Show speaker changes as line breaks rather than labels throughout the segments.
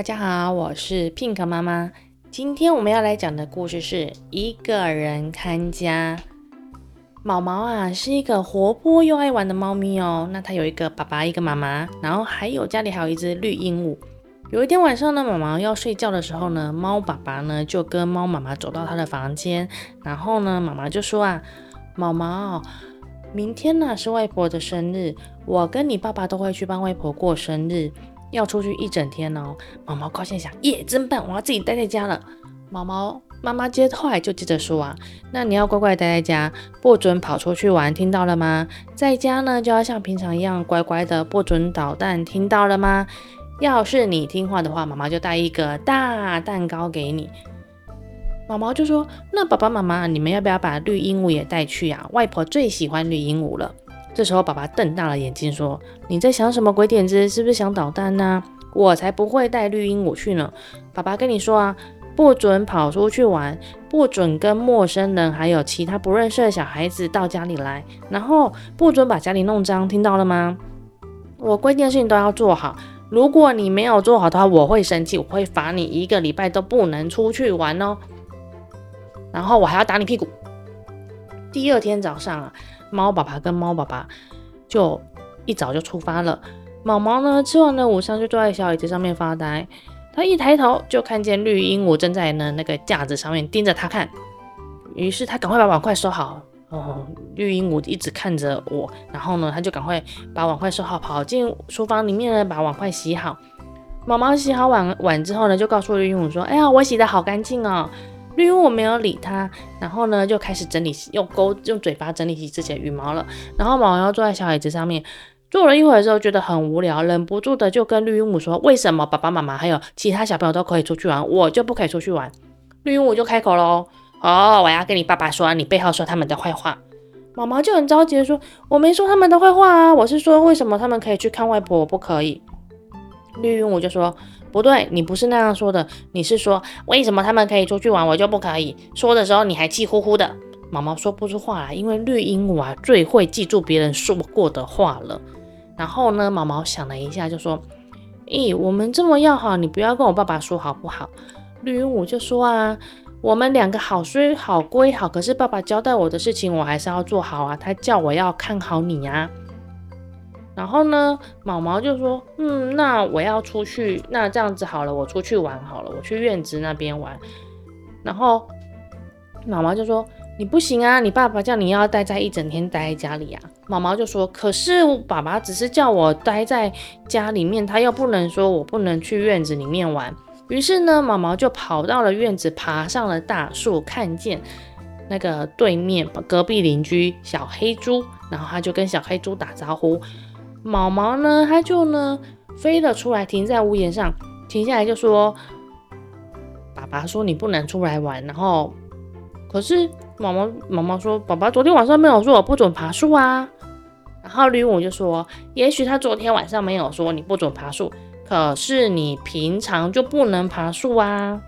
大家好，我是 Pink 媽媽。今天我們要來講的故事是一個人看家。毛毛啊是一個活潑又愛玩的貓咪哦。那它有一個爸爸，一個媽媽，然後還有家裡還有一隻綠鸚鵡。有一天晚上呢，毛毛要睡覺的時候呢，貓爸爸呢就跟貓媽媽走到他的房間，然後呢媽媽就說啊，毛毛，明天呢啊是外婆的生日，我跟你爸爸都會去幫外婆過生日。要出去一整天哦，毛毛高興想，耶，真棒！我要自己待在家了。毛毛媽媽接話，就接着說啊，那你要乖乖待在家，不准跑出去玩，聽到了嗎？在家呢就要像平常一樣乖乖的，不准搗蛋，聽到了嗎？要是你聽話的話，媽媽就帶一個大蛋糕給你。毛毛就說，那爸爸媽媽，你們要不要把綠鸚鵡也帶去啊？外婆最喜歡綠鸚鵡了。這時候，爸爸瞪大了眼睛說：“你在想什麼鬼點子？是不是想搗蛋呢啊？我才不會帶綠鸚鵡去呢！爸爸跟你說啊，不准跑出去玩，不准跟陌生人還有其他不認識的小孩子到家裡來，然後不准把家裡弄髒，聽到了嗎？我規定的事情都要做好，如果你沒有做好的話，我會生氣，我會罰你一個禮拜都不能出去玩哦，然後我還要打你屁股。”第二天早上啊。貓爸爸跟貓爸爸就一早就出發了。毛毛呢，吃完了午餐，就坐在小椅子上面發呆。他一抬頭就看見綠鸚鵡正在呢那個架子上面盯着他看。於是他趕快把碗筷收好。哦、嗯，綠鸚鵡一直看着我。然後呢，他就趕快把碗筷收好，跑進廚房裡面呢，把碗筷洗好。毛毛洗好碗碗之後呢，就告訴綠鸚鵡說：“哎呀，我洗得好乾淨哦。”綠鸚鵡沒有理他，然後呢就開始整理，用鈎、用嘴巴整理起自己的羽毛了。然後毛毛坐在小椅子上面，坐了一會兒之後覺得很無聊，忍不住的就跟綠鸚鵡說：“為什麼爸爸媽媽還有其他小朋友都可以出去玩，我就不可以出去玩？”綠鸚鵡就開口了：“哦，我要跟你爸爸說，你背後說他們的壞話。”毛毛就很着急的說：“我沒說他們的壞話啊，我是說為什麼他們可以去看外婆，我不可以？”綠鸚鵡就說。不對，你不是那樣說的，你是說為什麼他們可以出去玩，我就不可以？說的時候你還氣呼呼的，毛毛說不出話來，因為綠鸚鵡啊最會記住別人說過的話了。然後呢，毛毛想了一下，就說：“咦，我們這麼要好，你不要跟我爸爸說好不好？”綠鸚鵡就說：“啊，我們兩個好雖好歸好，可是爸爸交代我的事情，我還是要做好啊。他叫我要看好你呀。”然後呢，毛毛就說：“嗯，那我要出去。那這樣子好了，我出去玩好了，我去院子那邊玩。”然後毛毛就說：“你不行啊，你爸爸叫你要待在一整天，待在家裡啊。”毛毛就說：“可是我爸爸只是叫我待在家裡面，他又不能說我不能去院子裡面玩。”於是呢，毛毛就跑到了院子，爬上了大樹，看見那個對面隔壁鄰居小黑豬，然後他就跟小黑豬打招呼。毛毛呢，它就呢，飛了出來，停在屋檐上，停下來就說：“爸爸說你不能出來玩。”然後，可是毛毛毛毛說：“爸爸昨天晚上沒有說我不准爬樹啊。”然後綠鸚鵡就說：“也許他昨天晚上沒有說你不准爬樹，可是你平常就不能爬樹啊。”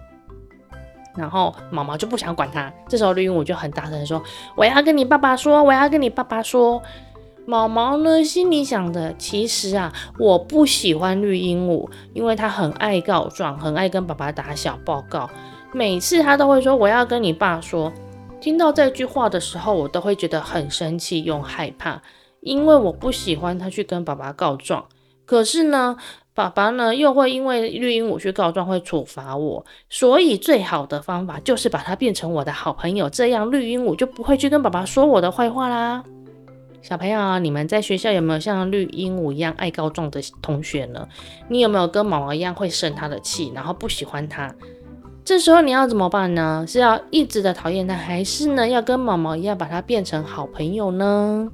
然後毛毛就不想管它。這時候綠鸚鵡就很大聲說：“我要跟你爸爸說，我要跟你爸爸說。我要跟你爸爸說。”毛毛呢，心裡想的，其實啊，我不喜歡綠鸚鵡，因為他很愛告狀，很愛跟爸爸打小報告。每次他都會說：“我要跟你爸說。”聽到這句話的時候，我都會覺得很生氣又害怕，因為我不喜歡他去跟爸爸告狀。可是呢，爸爸呢，又會因為綠鸚鵡去告狀，會處罰我，所以最好的方法就是把它變成我的好朋友，這樣綠鸚鵡就不會去跟爸爸說我的壞話啦。小朋友，你們在學校有沒有像綠鸚鵡一樣愛告狀的同學呢？你有沒有跟毛毛一樣會生他的氣，然後不喜歡他？這時候你要怎麼辦呢？是要一直的討厭他，還是呢，要跟毛毛一樣把他變成好朋友呢？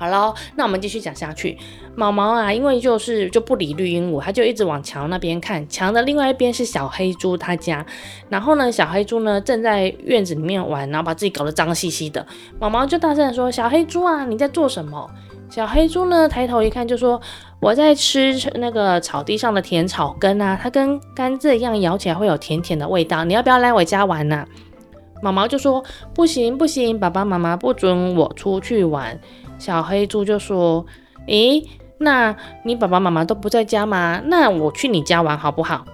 好了，那我們繼續講下去。毛毛啊，因為就是就不理綠鸚鵡，它就一直往牆那邊看。牆的另外一邊是小黑豬他家。然後呢，小黑豬呢正在院子裡面玩，然後把自己搞得髒兮兮的。毛毛就大聲地說：“小黑豬啊，你在做什麼？”小黑豬呢抬頭一看，就說：“我在吃那個草地上的甜草根啊，它跟甘蔗一樣，咬起來會有甜甜的味道。你要不要來我家玩呢？”毛毛就說：“不行不行，爸爸媽媽不准我出去玩。”小黑豬就說：“誒、欸，那你爸爸媽媽都不在家嗎？那我去你家玩好不好？”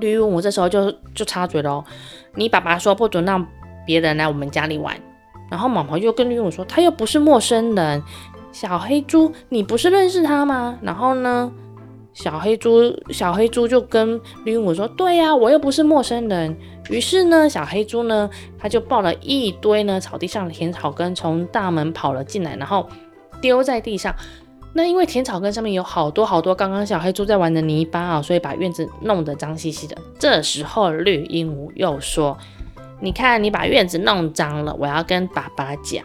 綠鸚鵡這時候就就插嘴了：“你爸爸說不准讓別人來我們家裡玩。”然後毛毛又跟綠鸚鵡說：“他又不是陌生人。”小黑豬，你不是認識他嗎？然後呢，小黑豬小黑豬就跟綠鸚鵡說：“對呀、啊，我又不是陌生人。”於是呢，小黑豬呢，他就抱了一堆呢，草地上的甜草根，從大門跑了進來，然後丟在地上。那因為甜草根上面有好多好多剛剛小黑豬在玩的泥巴啊、哦，所以把院子弄得髒兮兮的。這時候綠鸚鵡又說：“你看你把院子弄髒了，我要跟爸爸講。”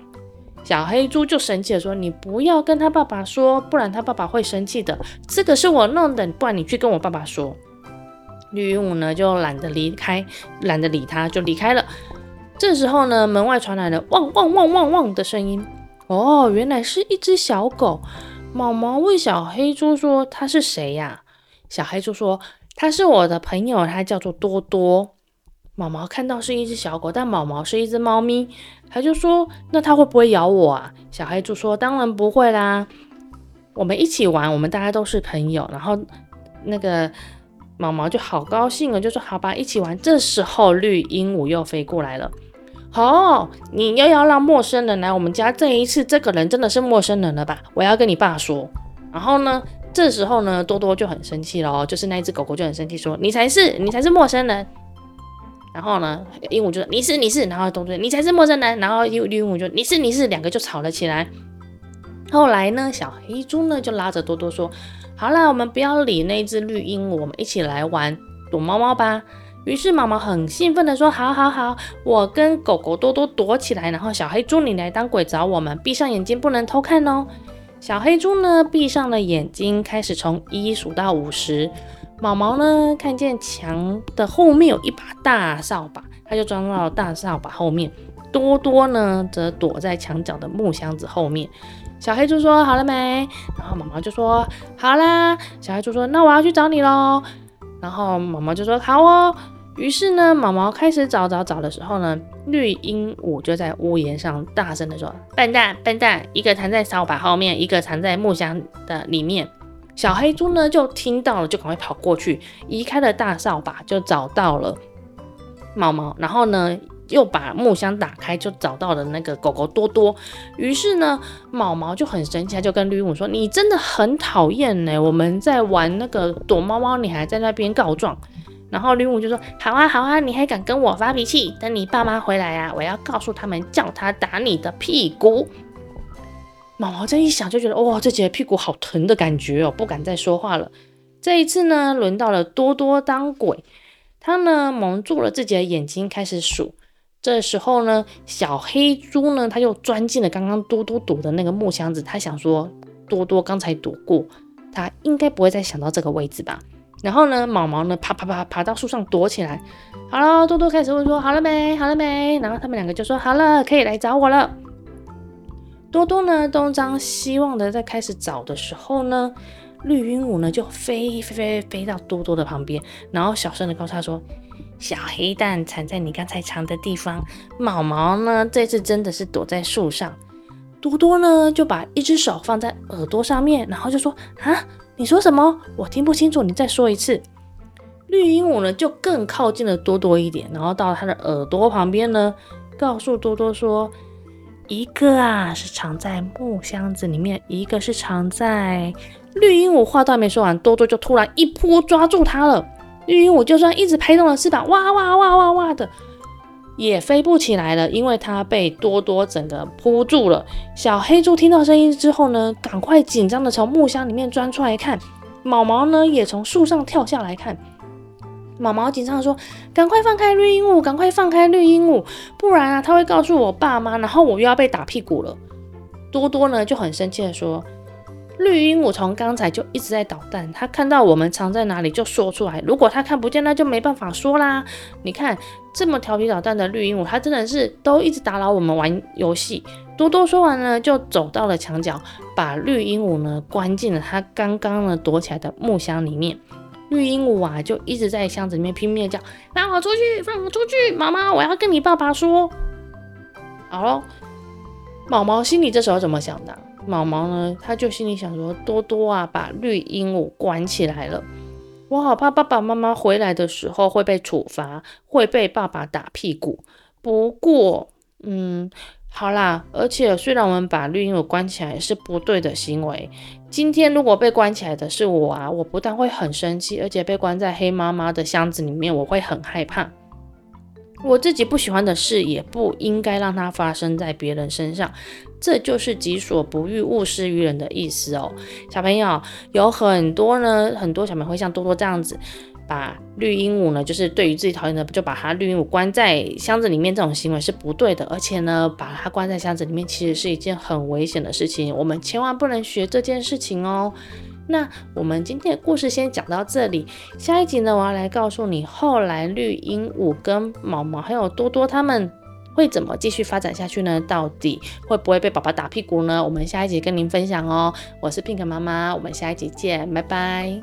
小黑豬就生氣的說：“你不要跟他爸爸說，不然他爸爸會生氣的。這個是我弄的，不然你去跟我爸爸說。”綠鸚鵡呢，就懶得離開，懶得理他，就離開了。這時候呢，門外傳來了汪汪汪汪汪的聲音。哦，原來是一隻小狗。毛毛問小黑豬說：“他是誰呀？”小黑豬說：“他是我的朋友，他叫做多多。”毛毛看到是一隻小狗，但毛毛是一隻貓咪，它就說：“那它會不會咬我啊？”小黑豬說：“當然不會啦，我們一起玩，我們大家都是朋友。”然後那個。毛毛就好高興了，就說：“好吧，一起玩。”這時候綠鸚鵡又飛過來了。好、哦，你又要讓陌生人來我們家？這一次這個人真的是陌生人了吧？我要跟你爸說。然後呢，這時候呢，多多就很生氣了哦，就是那隻狗狗就很生氣，說：“你才是，你才是陌生人。”然後呢，鸚鵡就說：“你是你是。”然後多多說：“你才是陌生人。”然後綠鸚鵡就：“你是你是。你是。”兩個就吵了起來。後來呢，小黑豬呢就拉着多多說：“好啦，我們不要理那只綠鸚鵡，我們一起來玩躲貓貓吧。”於是毛毛很興奮地說：“好，好，好，我跟狗狗多多躲起來，然後小黑豬你來當鬼找我們，閉上眼睛不能偷看哦。”小黑豬呢閉上了眼睛，開始從一數到五十。毛毛呢看見牆的後面有一把大掃把，他就鑽到大掃把後面。多多呢則躲在牆角的木箱子後面。小黑豬說：“好了沒？”然後毛毛就說：“好啦。”小黑豬說：“那我要去找你嘍。”然後毛毛就說：“好哦。”於是呢，毛毛開始找找找的時候呢，綠鸚鵡就在屋檐上大聲地說：“笨蛋，笨蛋！一個藏在掃把後面，一個藏在木箱的裡面。”小黑豬呢就聽到了，就趕快跑過去，移開了大掃把，就找到了毛毛。然後呢？又把木箱打開，就找到了那個狗狗多多。於是呢，毛毛就很生氣，他就跟綠鵡說：“你真的很討厭呢，欸！我們在玩那個躲貓貓，你還在那邊告狀。”然後綠鵡就說：“好啊，好啊，你還敢跟我發脾氣？等你爸媽回來啊，我要告訴他們，叫他打你的屁股。”毛毛這一想就覺得，哇，哦，自己的屁股好疼的感覺哦，不敢再說話了。這一次呢，輪到了多多當鬼，他呢蒙住了自己的眼睛，開始數。這時候呢，小黑豬呢，它又鑽進了剛剛多多躲的那個木箱子。它想說，多多剛才躲過，它應該不會再想到這個位置吧？然後呢，毛毛呢，啪啪啪，爬到樹上躲起來。好了，多多開始問說：“好了沒？好了沒？”然後他們兩個就說：“好了，可以來找我了。”多多呢，東張西望的在開始找的時候呢，綠鸚鵡呢就飛飛飛飛到多多的旁邊，然後小聲的告訴他說。小黑蛋藏在你剛才藏的地方，毛毛呢？這次真的是躲在樹上。多多呢？就把一只手放在耳朵上面，然後就說：“啊，你說什麼？我聽不清楚，你再說一次。”綠鸚鵡呢？就更靠近了多多一點，然後到他的耳朵旁邊呢，告訴多多說：“一個啊，是藏在木箱子裡面，一個是藏在……”綠鸚鵡話都還沒說完，多多就突然一撲抓住它了。綠鸚鵡就算一直拍動了翅膀，哇哇哇哇哇的，也飛不起來了，因為它被多多整個撲住了。小黑豬聽到聲音之後呢，趕快緊張地從木箱裡面鑽出來看，毛毛呢也從樹上跳下來看。毛毛緊張地說：“趕快放開綠鸚鵡，趕快放開綠鸚鵡，不然啊，他會告訴我爸媽，然後我又要被打屁股了。”多多呢就很生氣地說：綠鸚鵡從剛才就一直在搗蛋，它看到我們藏在哪裡就說出來。如果它看不見，那就沒辦法說啦。你看，這麼調皮搗蛋的綠鸚鵡，它真的是都一直打擾我們玩遊戲。多多說完呢，就走到了牆角，把綠鸚鵡呢關進了它剛剛呢躲起來的木箱裡面。綠鸚鵡啊，就一直在箱子裡面拼命的叫：“放我出去！放我出去！毛毛，我要跟你爸爸說。好”好嘍。毛毛心裡這時候怎麼想的？毛毛呢，他就心裡想說：“多多啊，把綠鸚鵡關起來了。我好怕爸爸媽媽回來的時候會被處罰，會被爸爸打屁股。不過，嗯，好啦，而且雖然我們把綠鸚鵡關起來是不對的行為，今天如果被關起來的是我啊，我不但會很生氣，而且被關在黑媽媽的箱子裡面，我會很害怕。”我自己不喜歡的事，也不應該讓它發生在別人身上，這就是己所不欲，勿施於人的意思哦。小朋友，有很多呢，很多小朋友會像多多這樣子，把綠鸚鵡呢，就是對於自己討厭的，不就把它綠鸚鵡，鵡關在箱子裡面，這種行為是不對的。而且呢，把它關在箱子裡面，其實是一件很危險的事情，我們千萬不能學這件事情哦。那我們今天的故事先講到這裡，下一集呢，我要來告訴你，後來綠鸚鵡跟毛毛還有多多他們會怎麼繼續發展下去呢？到底會不會被爸爸打屁股呢？我們下一集跟您分享哦。我是 Pink 媽媽，我們下一集見，拜拜。